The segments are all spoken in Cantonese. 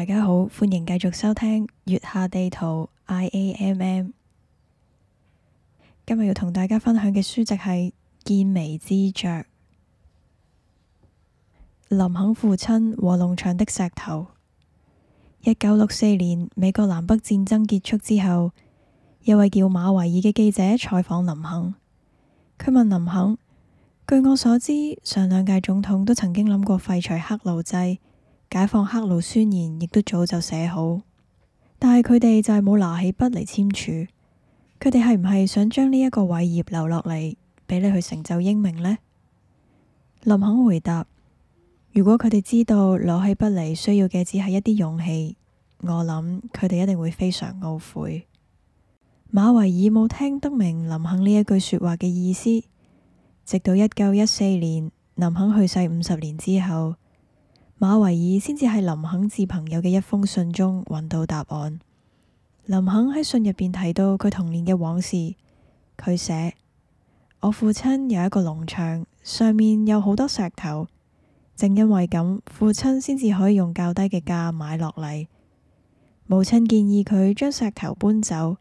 大家好，歡迎繼續收聽《月下地圖 I A M M》。今日要同大家分享嘅書籍係《見微知著》。林肯父親和農場的石頭。一九六四年，美國南北戰爭結束之後，一位叫馬維爾嘅記者採訪林肯。佢問林肯：據我所知，上兩屆總統都曾經諗過廢除黑奴制。解放黑奴宣言亦都早就寫好，但係佢哋就係冇拿起筆嚟簽署。佢哋係唔係想將呢一個偉業留落嚟，俾你去成就英名呢？林肯回答：如果佢哋知道攞起筆嚟需要嘅只係一啲勇氣，我諗佢哋一定會非常懊悔。馬維爾冇聽得明林肯呢一句說話嘅意思，直到一九一四年林肯去世五十年之後。馬維爾先至喺林肯致朋友嘅一封信中揾到答案。林肯喺信入邊提到佢童年嘅往事。佢寫：我父親有一個農場，上面有好多石頭。正因為咁，父親先至可以用較低嘅價買落嚟。母親建議佢將石頭搬走。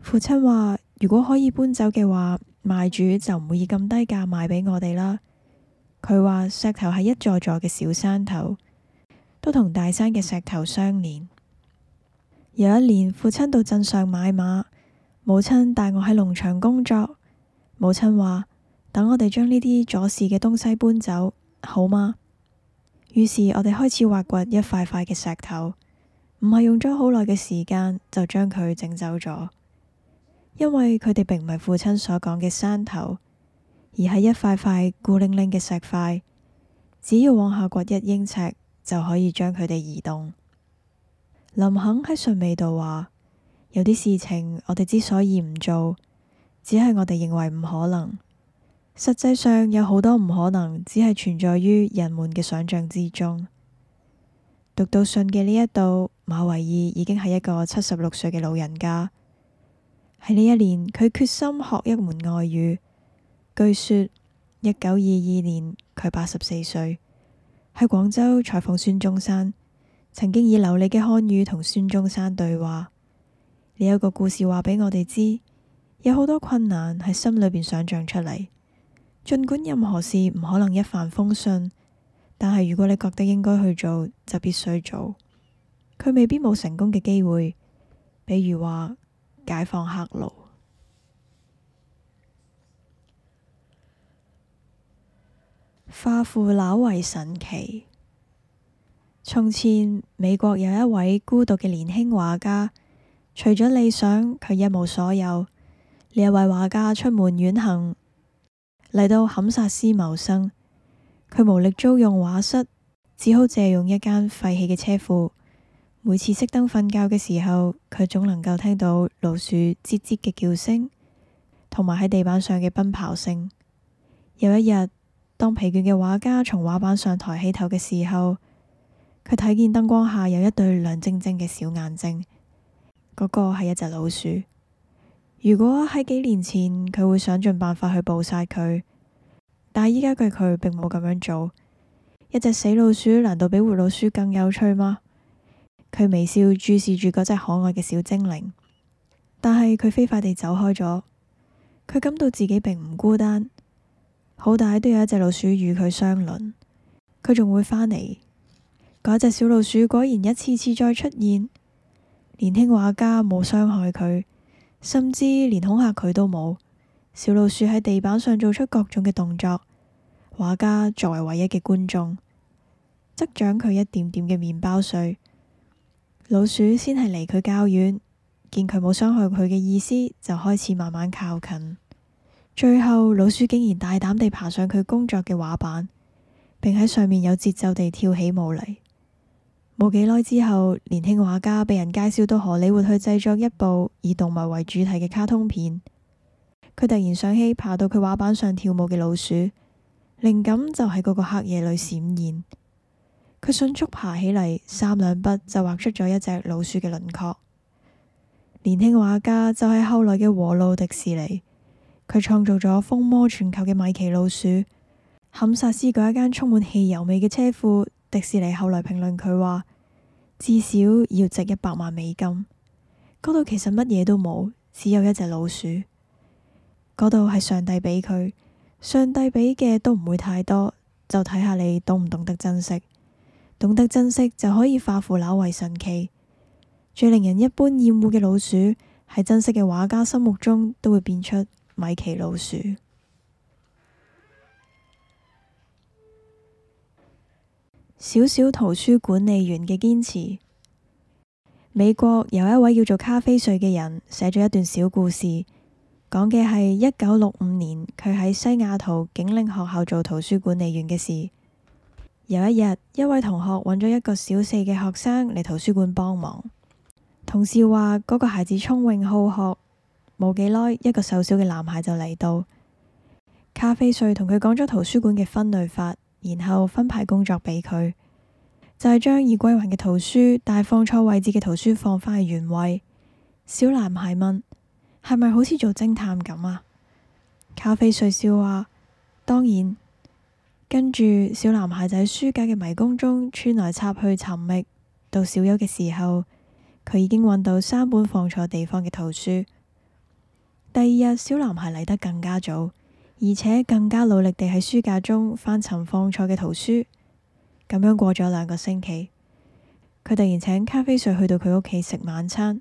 父親話：如果可以搬走嘅話，賣主就唔會以咁低價賣畀我哋啦。佢話石頭係一座座嘅小山頭，都同大山嘅石頭相連。有一年，父親到鎮上買馬，母親帶我喺農場工作。母親話：等我哋將呢啲阻事嘅東西搬走，好嗎？於是，我哋開始挖掘一塊塊嘅石頭，唔係用咗好耐嘅時間就將佢整走咗，因為佢哋並唔係父親所講嘅山頭。而係一塊塊孤零零嘅石塊，只要往下掘一英尺就可以將佢哋移動。林肯喺信尾度話：「有啲事情我哋之所以唔做，只係我哋認為唔可能。實際上有好多唔可能，只係存在於人們嘅想象之中。」讀到信嘅呢一度，馬維爾已經係一個七十六歲嘅老人家。喺呢一年，佢決心學一門外語。據說一九二二年佢八十四歲喺廣州採訪孫中山，曾經以流利嘅漢語同孫中山對話。你有個故事話畀我哋知，有好多困難喺心裏邊想象出嚟。盡管任何事唔可能一帆風順，但係如果你覺得應該去做，就必須做。佢未必冇成功嘅機會，比如話解放黑奴。化腐朽為神奇。從前，美國有一位孤獨嘅年輕畫家，除咗理想，佢一無所有。呢位畫家出門遠行，嚟到坎薩斯謀生。佢無力租用畫室，只好借用一間廢棄嘅車庫。每次熄燈瞓覺嘅時候，佢總能夠聽到老鼠吱吱嘅叫聲，同埋喺地板上嘅奔跑聲。有一日，當疲倦嘅畫家從畫板上抬起頭嘅時候，佢睇見燈光下有一對亮晶晶嘅小眼睛，嗰個係一隻老鼠。如果喺幾年前佢會想盡辦法去捕殺佢，但係依家嘅佢並冇咁樣做。一隻死老鼠難道比活老鼠更有趣嗎？佢微笑注視住嗰隻可愛嘅小精靈，但係佢飛快地走開咗。佢感到自己並唔孤單。好大都有一隻老鼠與佢相鄰，佢仲會返嚟。嗰隻小老鼠果然一次次再出現。年輕畫家冇傷害佢，甚至連恐嚇佢都冇。小老鼠喺地板上做出各種嘅動作，畫家作為唯一嘅觀眾，則獎佢一點點嘅麵包碎。老鼠先係離佢較遠，見佢冇傷害佢嘅意思，就開始慢慢靠近。最後，老鼠竟然大膽地爬上佢工作嘅畫板，並喺上面有節奏地跳起舞嚟。冇幾耐之後，年輕畫家被人介紹到荷里活去製作一部以動物為主題嘅卡通片。佢突然想起爬到佢畫板上跳舞嘅老鼠，靈感就喺嗰個黑夜裏閃現。佢迅速爬起嚟，三兩筆就畫出咗一隻老鼠嘅輪廓。年輕畫家就係後來嘅和路迪士尼。佢創造咗風魔全球嘅米奇老鼠，坎薩斯嗰一間充滿汽油味嘅車庫。迪士尼後來評論佢話，至少要值一百萬美金。嗰度其實乜嘢都冇，只有一隻老鼠。嗰度係上帝畀佢，上帝畀嘅都唔會太多，就睇下你懂唔懂得珍惜。懂得珍惜就可以化腐朽為神奇。最令人一般厭惡嘅老鼠，喺珍惜嘅畫家心目中都會變出米奇老鼠，小小圖書管理員嘅堅持。美國有一位叫做咖啡瑞嘅人，寫咗一段小故事，講嘅係一九六五年佢喺西雅圖景嶺學校做圖書管理員嘅事。有一日，一位同學揾咗一個小四嘅學生嚟圖書館幫忙，同事話嗰個孩子聰穎好學。冇幾耐，一個瘦小嘅男孩就嚟到咖啡碎，同佢講咗圖書館嘅分類法，然後分派工作畀佢，就係、是、將已歸還嘅圖書，但放錯位置嘅圖書放返去原位。小男孩問：係咪好似做偵探咁啊？咖啡碎笑話：當然。跟住，小男孩就喺書架嘅迷宮中穿來插去尋覓，到少有嘅時候，佢已經揾到三本放錯地方嘅圖書。第二日，小男孩嚟得更加早，而且更加努力地喺書架中翻尋放錯嘅圖書。咁樣過咗兩個星期，佢突然請咖啡碎去到佢屋企食晚餐。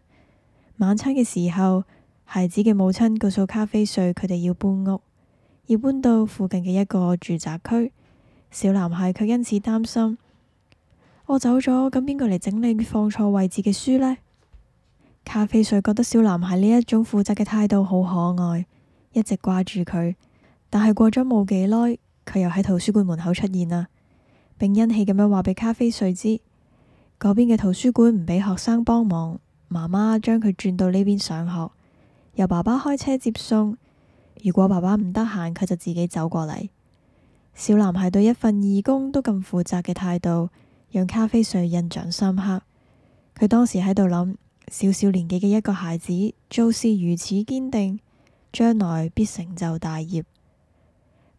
晚餐嘅時候，孩子嘅母親告訴咖啡碎佢哋要搬屋，要搬到附近嘅一個住宅區。小男孩卻因此擔心：我走咗，咁邊個嚟整理放錯位置嘅書呢？咖啡碎覺得小男孩呢一種負責嘅態度好可愛，一直掛住佢。但係過咗冇幾耐，佢又喺圖書館門口出現啦，並欣喜咁樣話畀咖啡碎知嗰邊嘅圖書館唔畀學生幫忙，媽媽將佢轉到呢邊上學，由爸爸開車接送。如果爸爸唔得閒，佢就自己走過嚟。小男孩對一份義工都咁負責嘅態度，讓咖啡碎印象深刻。佢當時喺度諗。小小年紀嘅一個孩子，做事如此堅定，將來必成就大業。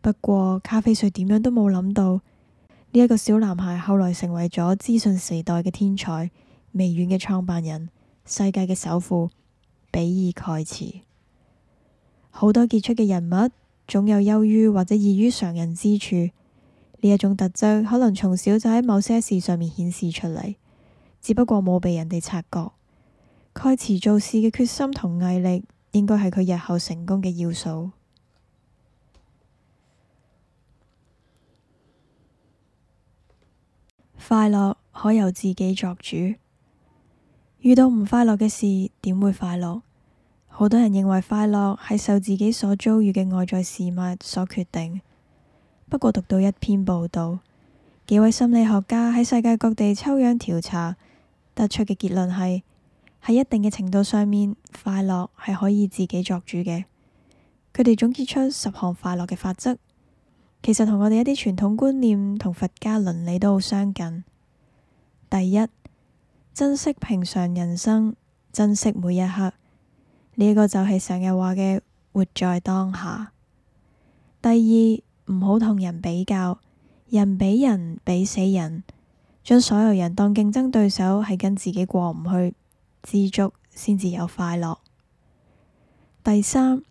不過，咖啡碎點樣都冇諗到呢一個小男孩後來成為咗資訊時代嘅天才，微軟嘅創辦人、世界嘅首富比爾蓋茨。好多傑出嘅人物總有優於或者異於常人之處，呢一種特質可能從小就喺某些事上面顯示出嚟，只不過冇被人哋察覺。蓋茨做事嘅決心同毅力，應該係佢日後成功嘅要素。快樂可由自己作主，遇到唔快樂嘅事，點會快樂？好多人認為快樂係受自己所遭遇嘅外在事物所決定。不過讀到一篇報道，幾位心理學家喺世界各地抽樣調查，得出嘅結論係：喺一定嘅程度上面，快樂係可以自己作主嘅。佢哋總結出十項快樂嘅法則，其實同我哋一啲傳統觀念同佛家倫理都好相近。第一，珍惜平常人生，珍惜每一刻，呢個就係成日話嘅活在當下。第二，唔好同人比較，人比人比死人，將所有人當競爭對手，係跟自己過唔去。知足先至有快樂。第三，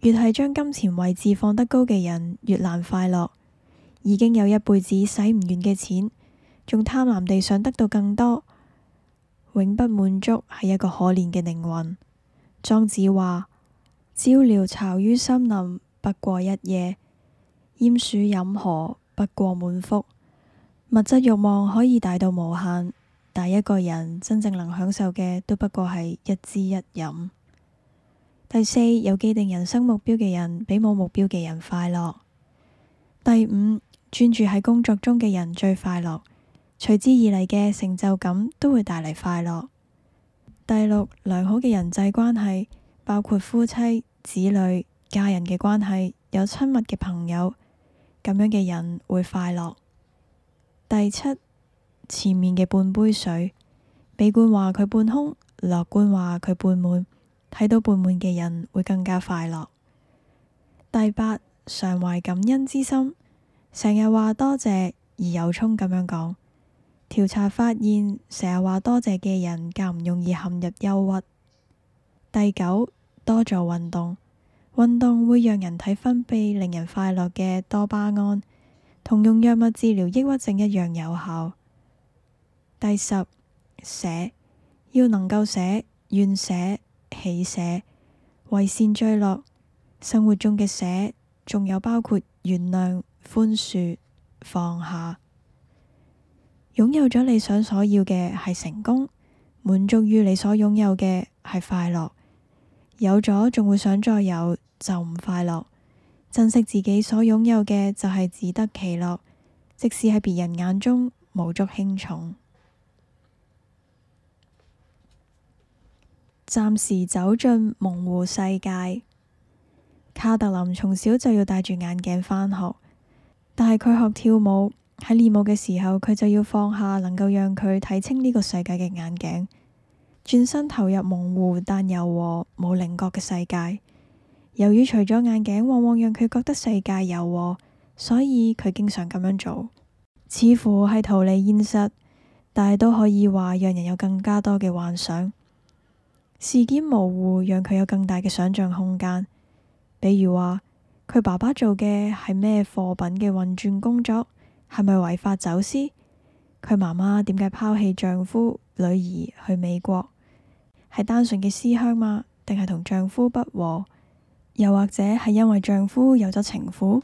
越係將金錢位置放得高嘅人，越難快樂。已經有一輩子使唔完嘅錢，仲貪婪地想得到更多，永不滿足，係一個可憐嘅靈魂。莊子話：鷦鷯巢於森林，不過一夜；鼴鼠飲河，不過滿腹。物質慾望可以大到無限。但一個人真正能享受嘅，都不過係一知一飲。第四，有既定人生目標嘅人比冇目標嘅人快樂。第五，專注喺工作中嘅人最快樂，隨之而嚟嘅成就感都會帶嚟快樂。第六，良好嘅人際關係，包括夫妻、子女、家人嘅關係，有親密嘅朋友，咁樣嘅人會快樂。第七，前面嘅半杯水，悲觀話佢半空，樂觀話佢半滿。睇到半滿嘅人會更加快樂。第八，常懷感恩之心，成日話多謝而由衷咁樣講。調查發現，成日話多謝嘅人較唔容易陷入憂鬱。第九，多做運動，運動會讓人體分泌令人快樂嘅多巴胺，同用藥物治療抑鬱症一樣有效。第十，捨，要能夠捨、願捨、喜捨，為善最樂。生活中嘅捨，仲有包括原諒、寬恕、放下。擁有咗你想所要嘅係成功，滿足於你所擁有嘅係快樂。有咗仲會想再有就唔快樂，珍惜自己所擁有嘅就係自得其樂，即使喺別人眼中無足輕重。暫時走進模糊世界。卡特琳從小就要戴住眼鏡返學，但係佢學跳舞喺練舞嘅時候，佢就要放下能夠讓佢睇清呢個世界嘅眼鏡，轉身投入模糊但柔和冇稜角嘅世界。由於除咗眼鏡，往往讓佢覺得世界柔和，所以佢經常咁樣做，似乎係逃離現實，但係都可以話讓人有更加多嘅幻想。事件模糊，讓佢有更大嘅想象空間。比如話佢爸爸做嘅係咩貨品嘅運轉工作，係咪違法走私？佢媽媽點解拋棄丈夫、女兒去美國？係單純嘅思鄉嗎？定係同丈夫不和？又或者係因為丈夫有咗情婦？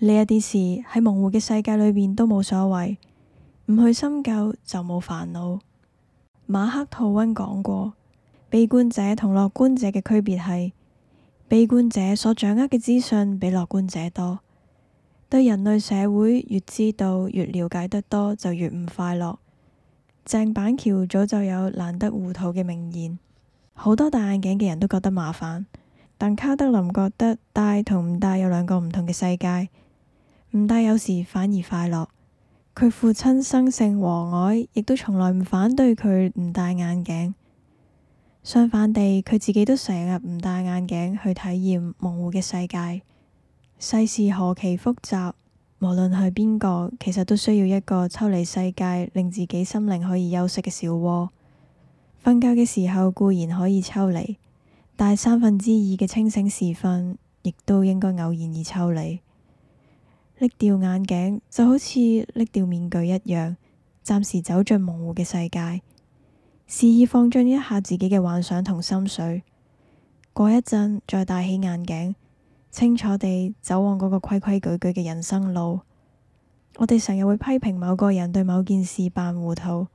呢一啲事喺模糊嘅世界裏邊都冇所謂，唔去深究就冇煩惱。馬克吐溫講過。悲觀者同樂觀者嘅區別係，悲觀者所掌握嘅資訊比樂觀者多。對人類社會越知道越了解得多，就越唔快樂。鄭板橋早就有難得糊塗嘅名言。好多戴眼鏡嘅人都覺得麻煩，但卡德林覺得戴同唔戴有兩個唔同嘅世界。唔戴有時反而快樂。佢父親生性和藹，亦都從來唔反對佢唔戴眼鏡。相反地，佢自己都成日唔戴眼鏡去體驗模糊嘅世界。世事何其複雜，無論係邊個，其實都需要一個抽離世界，令自己心靈可以休息嘅小窩。瞓覺嘅時候固然可以抽離，但係三分之二嘅清醒時分，亦都應該偶然而抽離。甩掉眼鏡就好似甩掉面具一樣，暫時走進模糊嘅世界。肆意放進一下自己嘅幻想同心水，過一陣再戴起眼鏡，清楚地走往嗰個規規矩矩嘅人生路。我哋成日會批評某個人對某件事扮糊塗，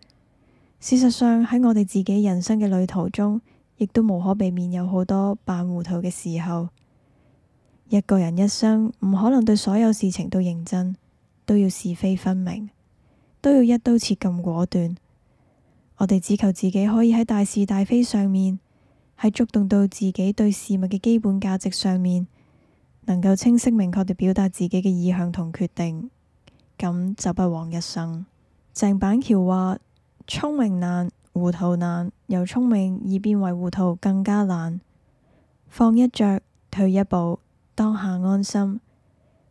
事實上喺我哋自己人生嘅旅途中，亦都無可避免有好多扮糊塗嘅時候。一個人一生唔可能對所有事情都認真，都要是非分明，都要一刀切咁果斷。我哋只求自己可以喺大是大非上面，喺觸動到自己對事物嘅基本價值上面，能夠清晰明確地表達自己嘅意向同決定，咁就不枉一生。鄭板橋話：聰明難，糊塗難，由聰明而變為糊塗更加難。放一着，退一步，當下安心，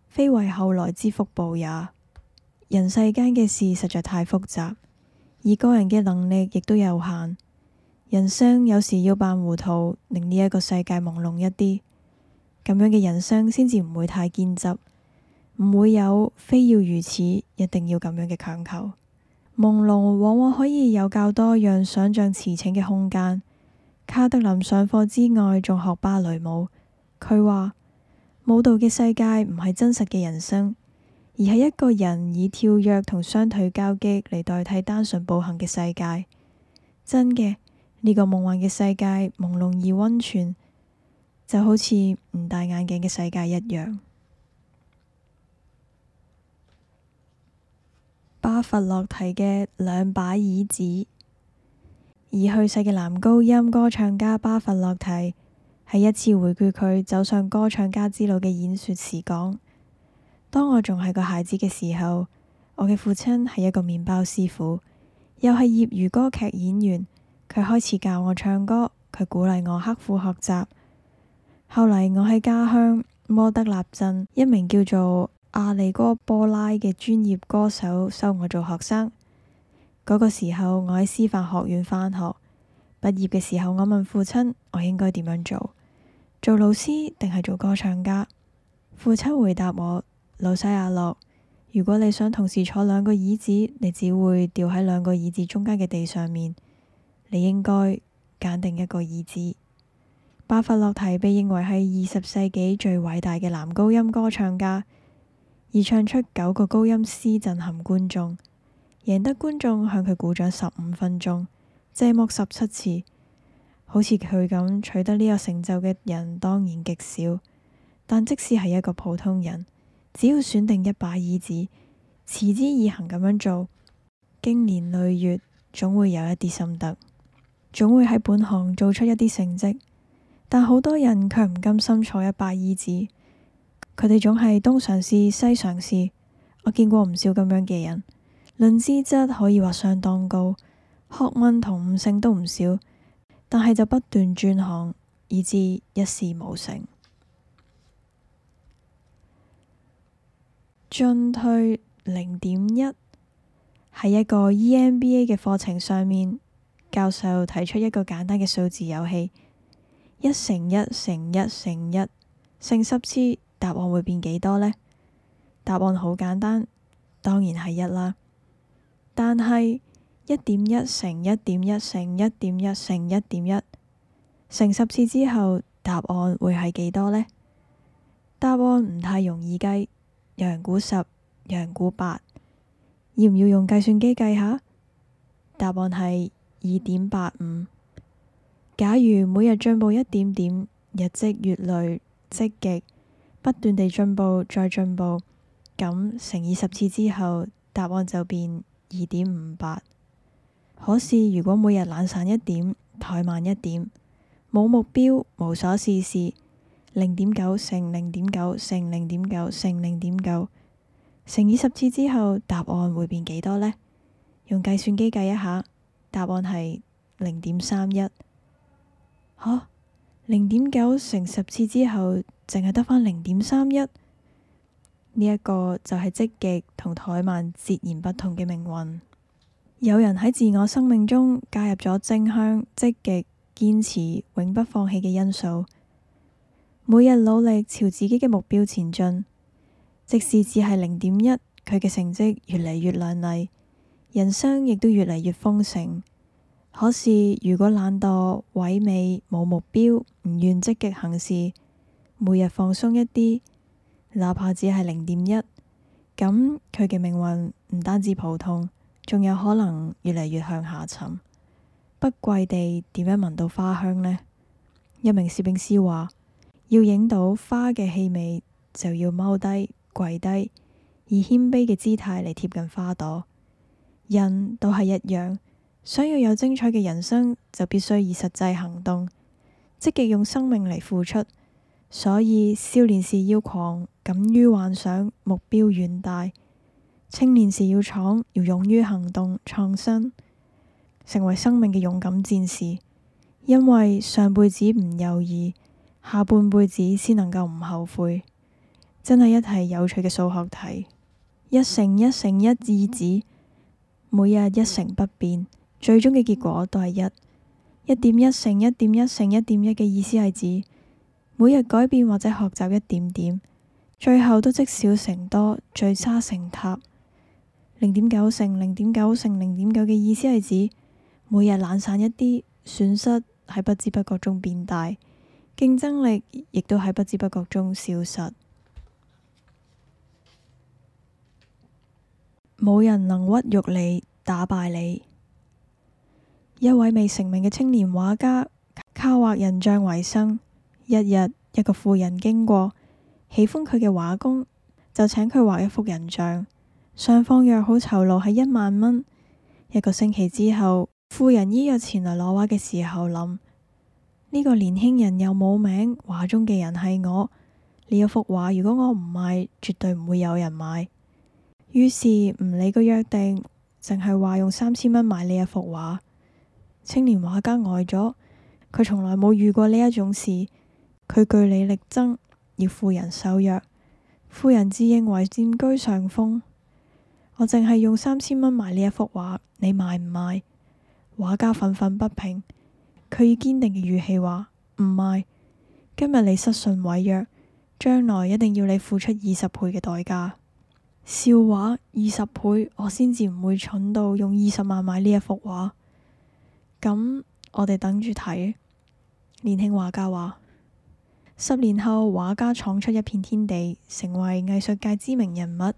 非為後來之福報也。人世間嘅事實在太複雜。以個人嘅能力亦都有限，人生有時要扮糊塗，令呢一個世界朦朧一啲，咁樣嘅人生先至唔會太堅執，唔會有非要如此，一定要咁樣嘅強求。朦朧往往可以有較多讓想象馳騁嘅空間。卡德林上課之外仲學芭蕾舞，佢話舞蹈嘅世界唔係真實嘅人生。而係一個人以跳躍同雙腿交擊嚟代替單純步行嘅世界，真嘅呢、這個夢幻嘅世界朦朧而温存，就好似唔戴眼鏡嘅世界一樣。巴伐洛堤嘅兩把椅子。而去世嘅男高音歌唱家巴伐洛堤喺一次回顧佢走上歌唱家之路嘅演說時講。當我仲係個孩子嘅時候，我嘅父親係一個麵包師傅，又係業餘歌劇演員。佢開始教我唱歌，佢鼓勵我刻苦學習。後嚟，我喺家鄉摩德納鎮，一名叫做阿尼哥波拉嘅專業歌手收我做學生。嗰個時候，我喺師範學院返學。畢業嘅時候，我問父親，我應該點樣做？做老師定係做歌唱家？父親回答我。路西亞諾，如果你想同時坐兩個椅子，你只會掉喺兩個椅子中間嘅地上面。你應該揀定一個椅子。巴伐洛堤被認為係二十世紀最偉大嘅男高音歌唱家，而唱出九個高音 C 震撼觀眾，贏得觀眾向佢鼓掌十五分鐘，謝幕十七次，好似佢咁取得呢個成就嘅人當然極少，但即使係一個普通人，只要選定一把椅子，持之以恆咁樣做，經年累月，總會有一啲心得，總會喺本行做出一啲成績。但好多人卻唔甘心坐一把椅子，佢哋總係東嘗試西嘗試。我見過唔少咁樣嘅人，論資質可以話相當高，學問同悟性都唔少，但係就不斷轉行，以致一事無成。進退零點一，喺一個 EMBA 嘅課程上面，教授提出一個簡單嘅數字遊戲：一乘一乘一乘一乘十次，答案會變幾多呢？答案好簡單，當然係一啦。但係一點一乘一點一乘一點一乘一點一乘十次之後，答案會係幾多呢？答案唔太容易計。有人估十，有人估八，要唔要用計算機計下？答案係二點八五。假如每日進步一點點，日積月累，積極不斷地進步再進步，咁乘以十次之後，答案就變二點五八。可是如果每日懶散一點，怠慢一點，冇目標，無所事事。零點九乘零點九乘零點九乘零點九乘以十次之後，答案會變幾多呢？用計算機計一下，答案係零點三一。吓、啊，零點九乘十次之後，淨係得返零點三一。呢一個就係積極同怠慢截然不同嘅命運。有人喺自我生命中加入咗正向、積極、堅持、永不放棄嘅因素。每日努力朝自己嘅目標前進，即使只係零點一，佢嘅成績越嚟越亮麗，人生亦都越嚟越豐盛。可是，如果懶惰、萎靡、冇目標、唔願積極行事，每日放鬆一啲，哪怕只係零點一，咁佢嘅命運唔單止普通，仲有可能越嚟越向下沉。不跪地點樣聞到花香呢？一名攝影師話。要影到花嘅氣味，就要踎低、跪低，以謙卑嘅姿態嚟貼近花朵。人都係一樣，想要有精彩嘅人生，就必須以實際行動，積極用生命嚟付出。所以，少年時要狂，敢於幻想，目標遠大；青年時要闖，要勇於行動，創新，成為生命嘅勇敢戰士。因為上輩子唔猶豫。下半輩子先能夠唔後悔，真係一題有趣嘅數學題。一乘一乘一，意指每日一成不變，最終嘅結果都係一。一點一乘一點一乘一點一嘅意思係指每日改變或者學習一點點，最後都積少成多，聚沙成塔。零點九乘零點九乘零點九嘅意思係指每日懶散一啲，損失喺不知不覺中變大。競爭力亦都喺不知不覺中消失，冇人能屈辱你，打敗你。一位未成名嘅青年畫家，靠畫人像為生。一日，一個富人經過，喜歡佢嘅畫工，就請佢畫一幅人像。雙方約好酬勞係一萬蚊。一個星期之後，富人依約前來攞畫嘅時候，諗。呢個年輕人又冇名，畫中嘅人係我。呢一幅畫如果我唔賣，絕對唔會有人買。於是唔理個約定，淨係話用三千蚊買呢一幅畫。青年畫家呆咗，佢從來冇遇過呢一種事。佢據理力爭，要富人受約，富人自認為佔居上風。我淨係用三千蚊買呢一幅畫，你賣唔賣？畫家憤憤不平。佢以堅定嘅語氣話：唔賣，今日你失信毀約，將來一定要你付出二十倍嘅代價。笑話，二十倍我先至唔會蠢到用二十萬買呢一幅畫。咁我哋等住睇。年輕畫家話：十年後，畫家闖出一片天地，成為藝術界知名人物。嗰、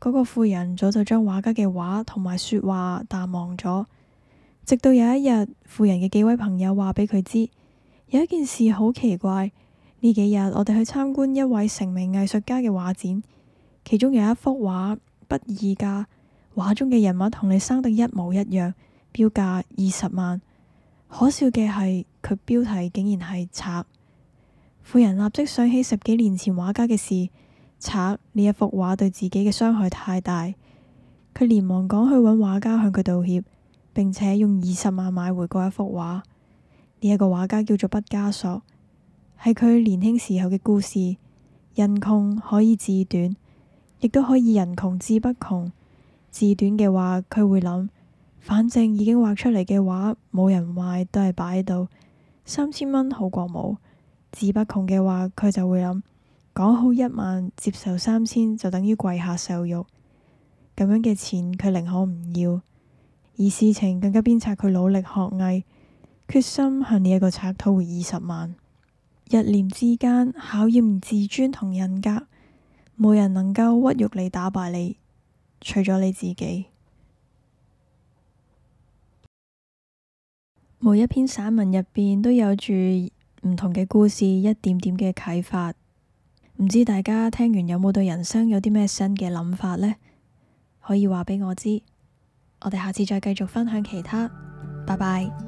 那個富人早就將畫家嘅畫同埋說話淡忘咗。直到有一日，富人嘅幾位朋友話畀佢知，有一件事好奇怪。呢幾日我哋去參觀一位成名藝術家嘅畫展，其中有一幅畫不二價，畫中嘅人物同你生得一模一樣，標價二十萬。可笑嘅係，佢標題竟然係賊。富人立即想起十幾年前畫家嘅事，賊呢一幅畫對自己嘅傷害太大，佢連忙趕去搵畫家向佢道歉。並且用二十萬買回嗰一幅畫，呢、這、一個畫家叫做畢加索，係佢年輕時候嘅故事。人窮可以志短，亦都可以人窮志不窮。志短嘅話，佢會諗，反正已經畫出嚟嘅畫冇人買都係擺喺度，三千蚊好過冇。志不窮嘅話，佢就會諗，講好一萬接受三千就等於跪下受辱，咁樣嘅錢佢寧可唔要。而事情更加鞭策佢努力學藝，決心向呢一個賊討回二十萬。一念之間考驗自尊同人格，冇人能夠屈辱你打敗你，除咗你自己。每一篇散文入邊都有住唔同嘅故事，一點點嘅啟發。唔知大家聽完有冇對人生有啲咩新嘅諗法呢？可以話畀我知。我哋下次再繼續分享其他，拜拜。